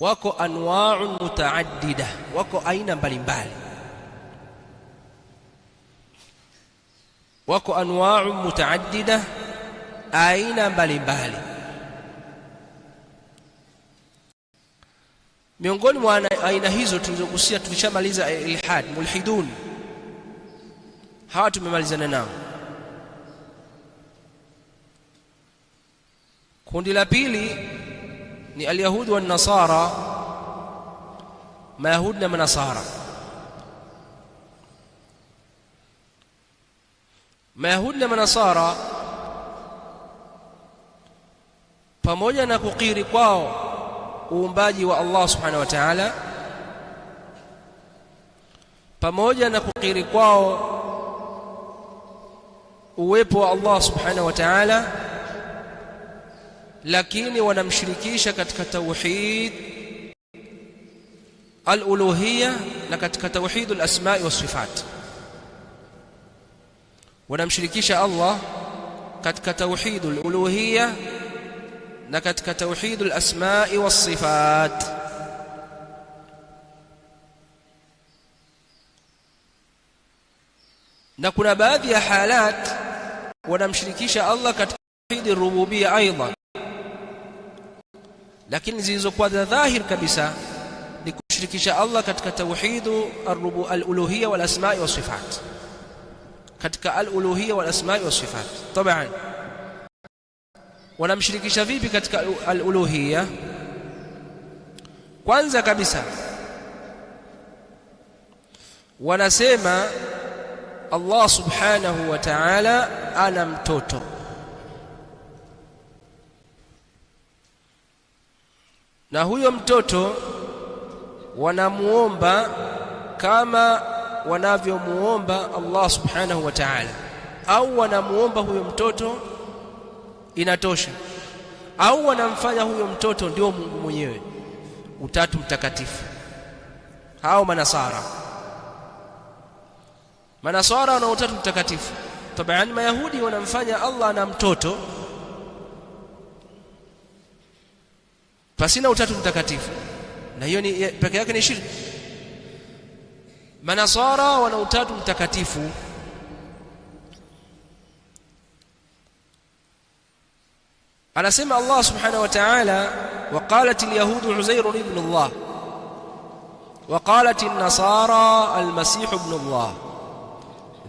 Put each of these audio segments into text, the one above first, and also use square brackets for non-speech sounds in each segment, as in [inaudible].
Wako anwau mutaaddida, wako aina mbalimbali, wako anwau mutaaddida, aina mbalimbali. Miongoni mwa aina hizo tulizogusia, tulishamaliza ilhad, mulhidun, hawa tumemalizana nao. Kundi la pili ni alyahudi wa nasara, mayahudi na manasara. Mayahudi na manasara pamoja na kukiri kwao uumbaji wa Allah subhanahu wa ta'ala, pamoja na kukiri kwao uwepo wa Allah subhanahu wa ta'ala lakini wanamshirikisha katika tauhid al na katika tauhid alasmai asmai sifat wanamshirikisha Allah katika tauhid al na katika tauhid alasmai asmai sifat na kuna baadhi ya halat wanamshirikisha Allah katika tauhid ar aidan lakini zilizokuwa za dhahir kabisa ni kushirikisha Allah katika tauhidu aluluhia wal asmai wa sifat, katika aluluhia wal asmai wa sifat. Taban, wanamshirikisha vipi katika aluluhia? Kwanza kabisa wanasema Allah subhanahu wa ta'ala ana mtoto na huyo mtoto wanamuomba kama wanavyomuomba Allah subhanahu wa ta'ala, au wanamuomba huyo mtoto inatosha, au wanamfanya huyo mtoto ndio Mungu mwenyewe, Utatu Mtakatifu. Hao Manasara, Manasara wana Utatu Mtakatifu. Tabani Mayahudi wanamfanya Allah na mtoto pasina utatu mtakatifu na hiyo ni peke yake ni shirki manasara wana utatu mtakatifu anasema Allah subhanahu wa ta'ala waqalat alyahud uzair ibn Allah وقالت النصارى المسيح ابن الله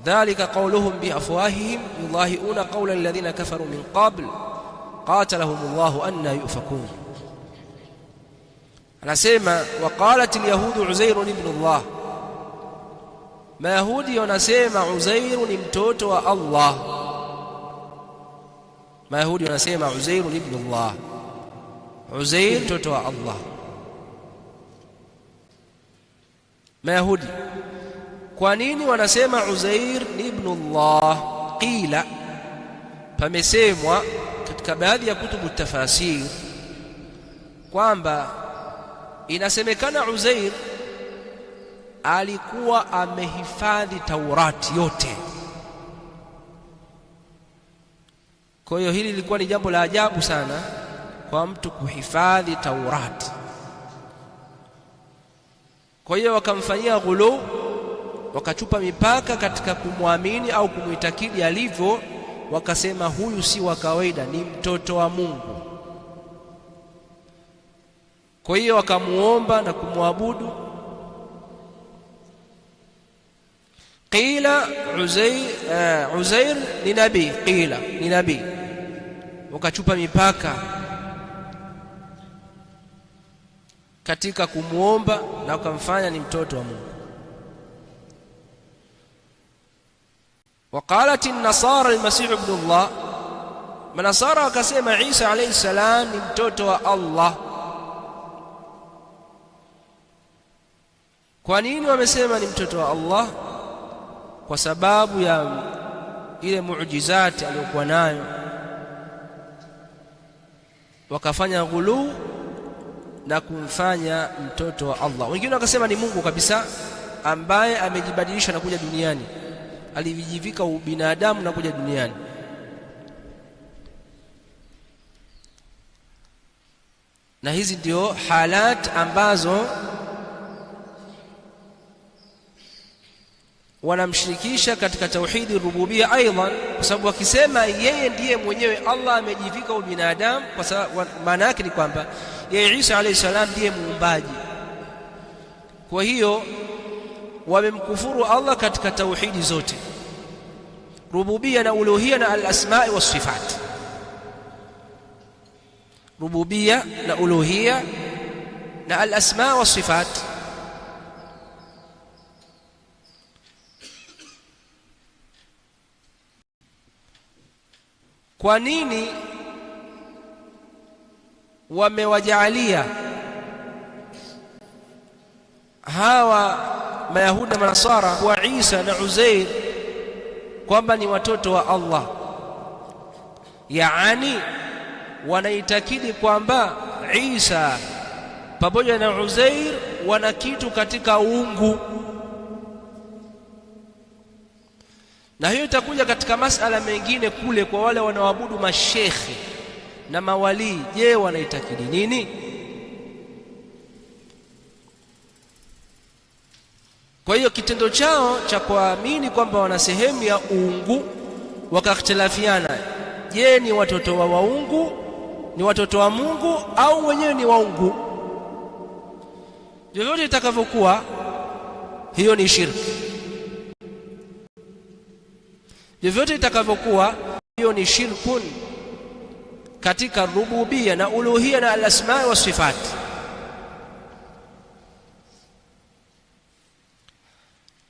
ذلك قولهم بافواههم يضاهئون قول الذين كفروا من قبل قاتلهم الله أن يؤفكون anasema waqalat alyahudu uzairun ibnu llah, mayahudi wanasema Uzairu ni mtoto wa Allah. Mayahudi wanasema Uzairu ibnu llah, Uzair mtoto wa Allah. Mayahudi kwa nini wanasema Uzair ni ibnu llah? Qila, pamesemwa katika baadhi ya kutubu tafasir kwamba Inasemekana Uzair alikuwa amehifadhi Taurati yote. Kwa hiyo hili lilikuwa ni jambo la ajabu sana kwa mtu kuhifadhi Taurati. Kwa hiyo wakamfanyia ghuluu, wakachupa mipaka katika kumwamini au kumwitakidi alivyo, wakasema huyu si wa kawaida, ni mtoto wa Mungu. Kwa hiyo akamuomba na kumwabudu. Qila Uzair, uh, Uzair ni nabii, qila ni nabii. Wakachupa mipaka katika kumwomba na ukamfanya ni mtoto wa Mungu. Waqalat an-nasara al-masih ibn Allah, manasara wakasema Isa alayhi salam ni mtoto wa Allah. Kwa nini wamesema ni mtoto wa Allah? Kwa sababu ya ile muujizati aliyokuwa nayo, wakafanya ghuluu na kumfanya mtoto wa Allah. Wengine wakasema ni Mungu kabisa ambaye amejibadilisha na kuja duniani, alijivika ubinadamu na kuja duniani. Na hizi ndio halat ambazo wanamshirikisha katika tauhidi rububia aidan, kwa sababu wakisema yeye ndiye mwenyewe Allah amejivika ubinadamu, kwa sababu maana yake ni kwamba yeye Isa alayhi salam ndiye muumbaji. Kwa hiyo wamemkufuru Allah katika tauhidi zote, rububia na uluhia na alasmai wasifati, rububia na uluhia na alasma wasifati Kwa nini wamewajaalia hawa Mayahudi na Manasara kuwa Isa na Uzair kwamba ni watoto wa Allah? Yaani wanaitakidi kwamba Isa pamoja na Uzair wana kitu katika uungu. na hiyo itakuja katika masala mengine kule kwa wale wanaoabudu mashekhe na mawalii. Je, wanaitakidi nini? Kwa hiyo kitendo chao cha kuamini kwamba wana sehemu ya uungu wakakhtilafiana, je, ni watoto wa waungu, ni watoto wa Mungu au wenyewe ni waungu? Vyovyote itakavyokuwa, hiyo ni shirki. vyovyote itakavyokuwa hiyo ni shirkun katika rububia na uluhia na alasma wa sifat.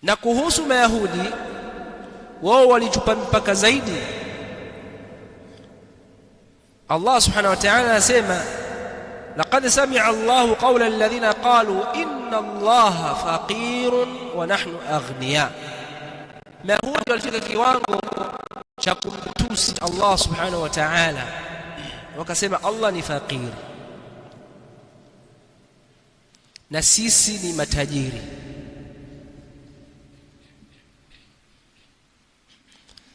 Na kuhusu Mayahudi, wao walichupa mpaka zaidi. Allah subhanahu wa ta'ala anasema laqad samia Allahu qawla alladhina qalu inna Allaha faqirun wa nahnu na huo ndio alifika kiwango cha kumtusi Allah subhanahu wa ta'ala wakasema Allah ni fakiri na sisi ni matajiri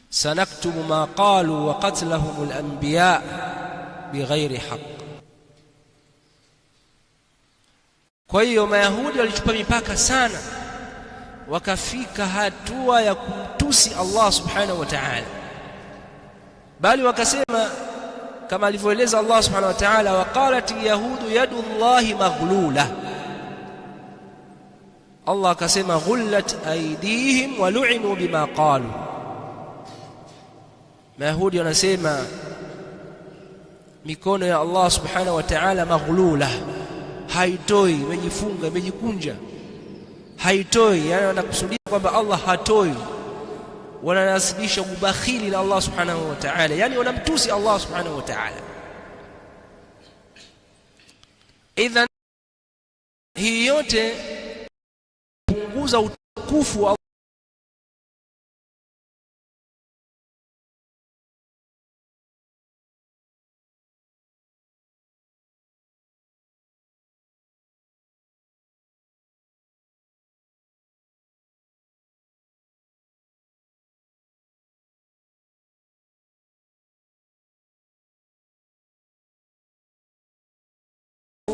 sanaktubu ma qalu wa qatlahum al-anbiya bighairi haqq kwa hiyo mayahudi walichukua mipaka sana wakafika hatua ya kumtusi Allah subhanahu wa ta'ala, bali wakasema kama alivyoeleza Allah subhanahu wa ta'ala, waqalat lyahudu yadu llahi maghlula. Allah akasema ghullat aydihim wa lu'inu bima qalu. Mayahudi wanasema mikono ya Allah subhanahu wa ta'ala maghlula, haitoi, imejifunga, imejikunja haitoi, yani wanakusudia kwamba Allah hatoi, wananasibisha ubakhili la Allah subhanahu wa ta'ala, yani wanamtusi Allah subhanahu wa ta'ala. Idhan hii yote kupunguza utukufu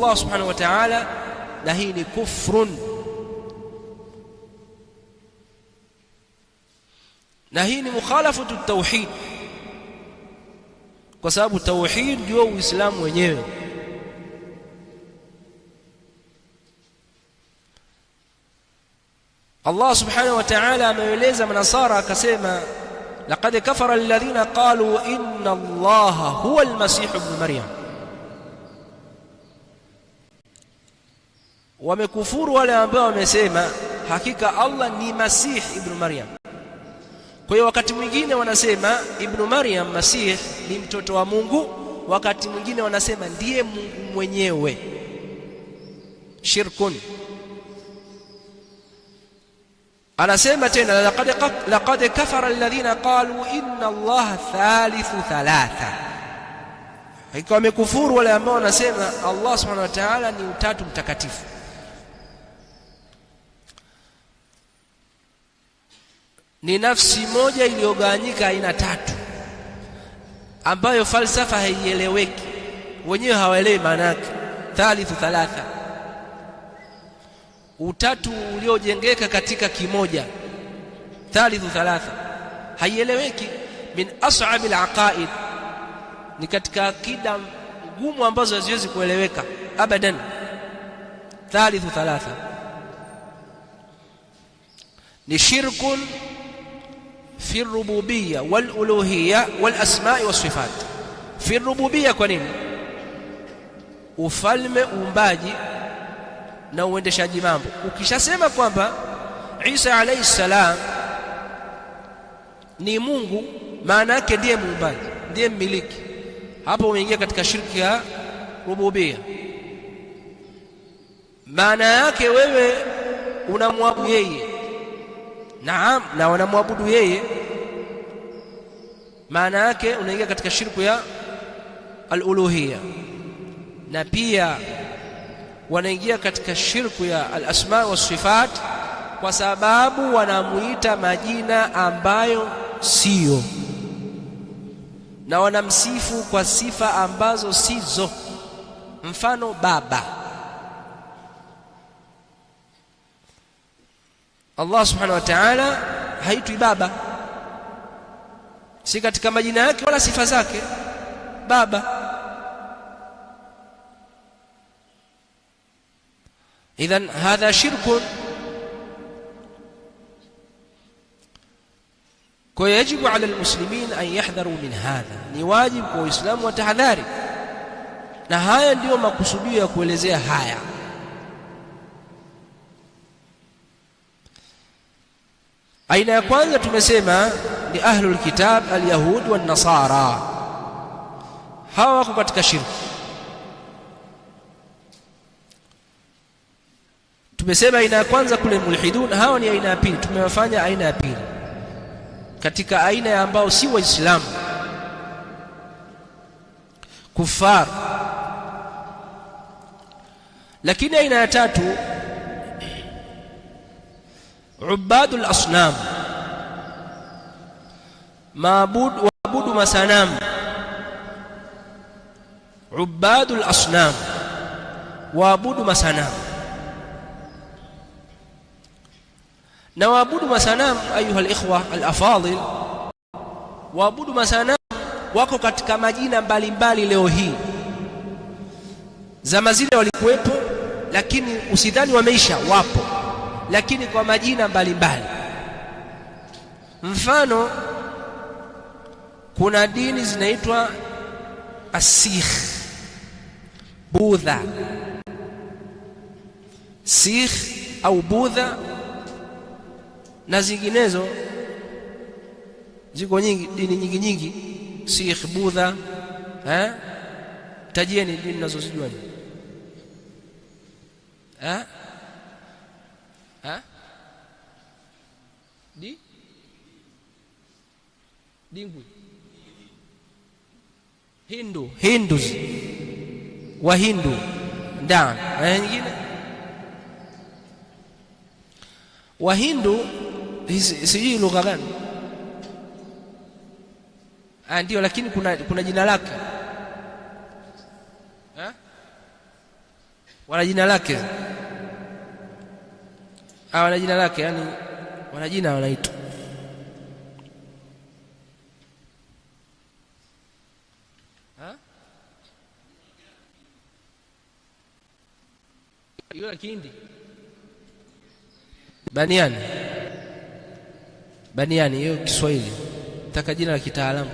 الله سبحانه وتعالى نهين كفر نهين مخالفة التوحيد كسب التوحيد جو إسلام ونير الله سبحانه وتعالى ما يليز من أصارى كسيما لقد كفر الذين قالوا إن الله هو المسيح ابن مريم wamekufuru wale ambao wamesema hakika Allah ni Masih ibn Maryam. Kwa hiyo wakati mwingine wanasema ibnu Maryam Masih ni mtoto wa Mungu, wakati mwingine wanasema ndiye Mungu mwenyewe. Shirkun. Anasema tena laqad laqad kafara alladhina qalu inna Allah thalithu thalatha, hakika wamekufuru wale ambao wanasema Allah subhanahu wa ta'ala ni utatu mtakatifu. ni nafsi moja iliyogawanyika aina tatu, ambayo falsafa haieleweki, wenyewe hawaelewi maana yake. Thalithu thalatha, utatu uliojengeka katika kimoja. Thalithu thalatha haieleweki, min as'ab alaqaid, ni katika akida ngumu ambazo haziwezi kueleweka abadan. Thalithu thalatha ni shirkun fi rububiya والالوهيه والاسماء والصفات في الربوبيه كنين Fi rububiya, kwa nini? Ufalme, uumbaji na uendeshaji mambo. Ukishasema kwamba Isa alayhi salam ni Mungu, maana yake ndiye muumbaji, ndiye mmiliki. Hapo umeingia katika shirki ya rububia. Maana yake wewe unamwabudu yeye Naam, na wanamwabudu yeye. Maana yake unaingia katika shirku ya aluluhia, na pia wanaingia katika shirku ya alasma sifat, kwa sababu wanamwita majina ambayo siyo, na wanamsifu kwa sifa ambazo sizo, mfano baba Allah subhanahu wa ta'ala haitwi baba si katika majina yake wala sifa zake baba idhan hadha shirkun kwa yajibu ala almuslimin an yahdharu min hadha ni wajibu kwa wa tahadhari na haya ndiyo makusudio ya kuelezea haya Aina ya kwanza tumesema ni ahlul kitab alyahudi nasara hawa wako katika shirki. Tumesema aina ya kwanza kule mulhidun, hawa ni aina ya pili, tumewafanya aina ya pili katika aina ya ambao si Waislamu, kufar Lakini aina ya tatu ubadu lasnam, waabudu masanamu. Ubadu lasnam, waabudu masanamu. Na waabudu masanamu, ayuha alikhwa alafadhil, waabudu masanamu wako katika majina mbalimbali leo hii. Zama zile walikuwepo, lakini usidhani wameisha, wapo lakini kwa majina mbalimbali mbali. Mfano, kuna dini zinaitwa asikh, Budha, sikh au Budha na zinginezo ziko nyingi, dini nyingi nyingi, sikh, Budha eh? Tajieni dini nazozijua eh? dingwi Hindu, Hindus, hindu nda na nyingine Wahindu sijui lugha gani ah, ndio, lakini kuna, kuna jina lake wana jina lake ah, wana jina lake, yani wana jina wanaitwa Yule kindi baniani baniani, hiyo Kiswahili taka jina la kitaalamu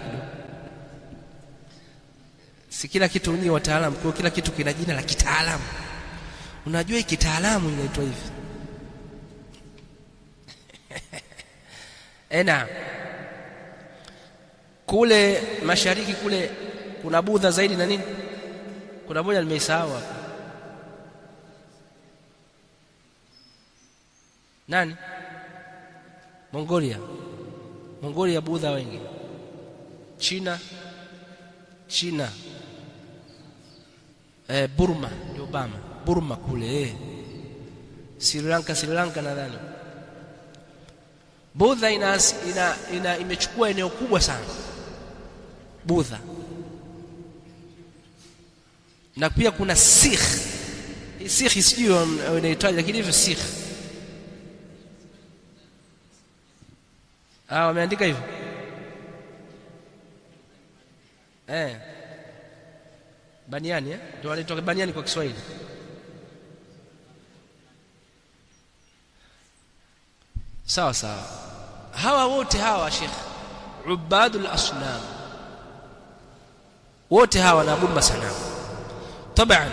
Si kila kitu ni wataalamu, kwa kila kitu kina jina la kitaalamu. Unajua kitaalamu inaitwa hivi [laughs] ena kule mashariki kule kuna budha zaidi na nini, kuna moja nimeisahau hapo Nani? Mongolia. Mongolia Budha wengi. China, China eh, Burma ndio Obama, Burma kule eh. Sri Lanka, Sri Lanka nadhani Budha ina, ina, ina imechukua eneo kubwa sana Budha, na pia kuna Sikh. Sikh sijui inaitaja lakini hivyo Sikh Ah, wameandika hivyo eh? Baniani eh? Ndio wanaitwa baniani kwa Kiswahili. Sawa sawa, hawa wote hawa Sheikh ubadul asnam wote hawa wanaabudu masanamu taban.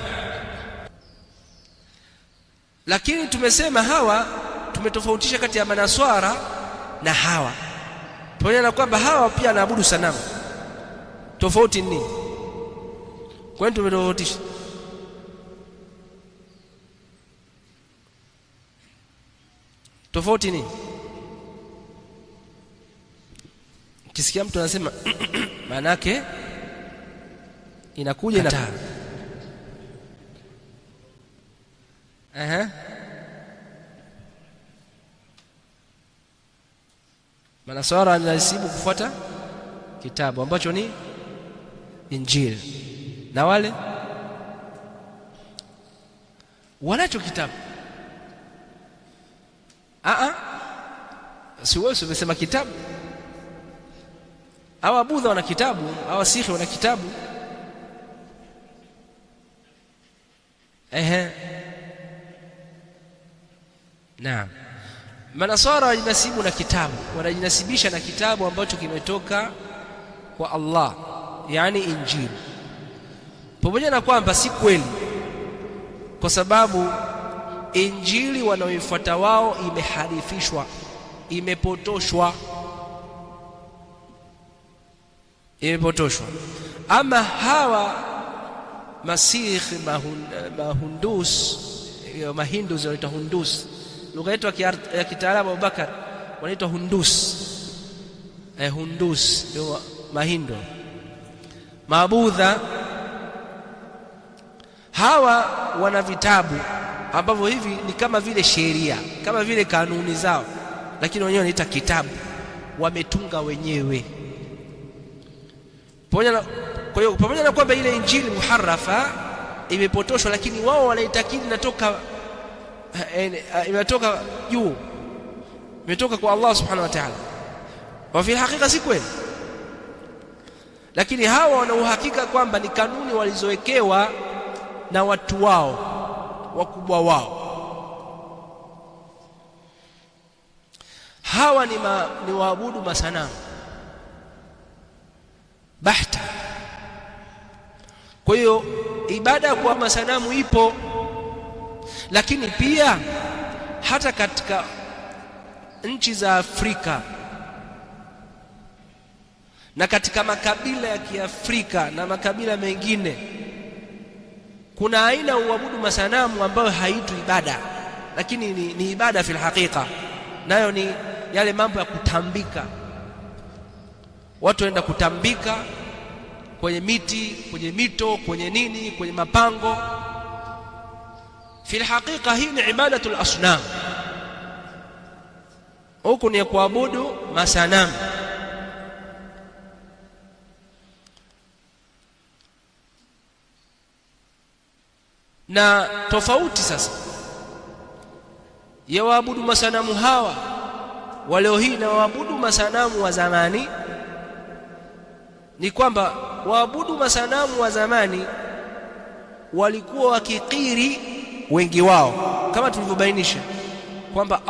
Lakini tumesema hawa, tumetofautisha kati ya manaswara na hawa pamoja na kwamba hawa pia anaabudu sanamu. Tofauti ni nini? Kwani tumetofautisha? Tofauti nini? Kisikia mtu anasema [clears throat] maana yake inakuja na maana swala anahisibu kufuata kitabu ambacho ni Injili, na wale wanacho kitabu. Aa, si wewe umesema kitabu? Hawa Budha wana kitabu, hawa Sikhi wana kitabu. Ehe, naam. Manaswara wajinasibu na kitabu, wanajinasibisha na kitabu ambacho kimetoka kwa Allah, yani Injili, pamoja na kwamba si kweli, kwa sababu Injili wanaoifuata wao imeharifishwa, imepotoshwa, imepotoshwa. Ama hawa Masih mahun, mahundus, eh, Mahindus wanaitwa Hundus lugha yetu ya kitaalamu Abubakar wanaitwa hundus. Eh, hundus ndio mahindo mabudha. Hawa wana vitabu ambavyo hivi ni kama vile sheria, kama vile kanuni zao, lakini wenyewe wanaita kitabu, wametunga wenyewe. Kwa hiyo pamoja na kwamba ile Injili muharrafa imepotoshwa, lakini wao wanaitakidi inatoka Eh, eh, eh, imetoka juu, imetoka kwa Allah subhanahu wa ta'ala. Kwa fi hakika si kweli, lakini hawa wana uhakika kwamba ni kanuni walizowekewa na watu wao wakubwa wao. Hawa ni, ma, ni waabudu masanamu bahta. Kwa hiyo ibada ya masanamu ipo lakini pia hata katika nchi za Afrika na katika makabila ya Kiafrika na makabila mengine, kuna aina ya uabudu masanamu ambayo haitwi ibada, lakini ni, ni ibada fil haqiqa, nayo ni yale mambo ya kutambika. Watu waenda kutambika kwenye miti, kwenye mito, kwenye nini, kwenye mapango fi lhaqiqa hii ni ibadatu lasnam, huku ni kuabudu masanamu. Na tofauti sasa ya waabudu masanamu hawa wa leo hii na waabudu masanamu wa zamani ni kwamba waabudu masanamu wa zamani walikuwa wakikiri wengi wao, kama tulivyobainisha kwamba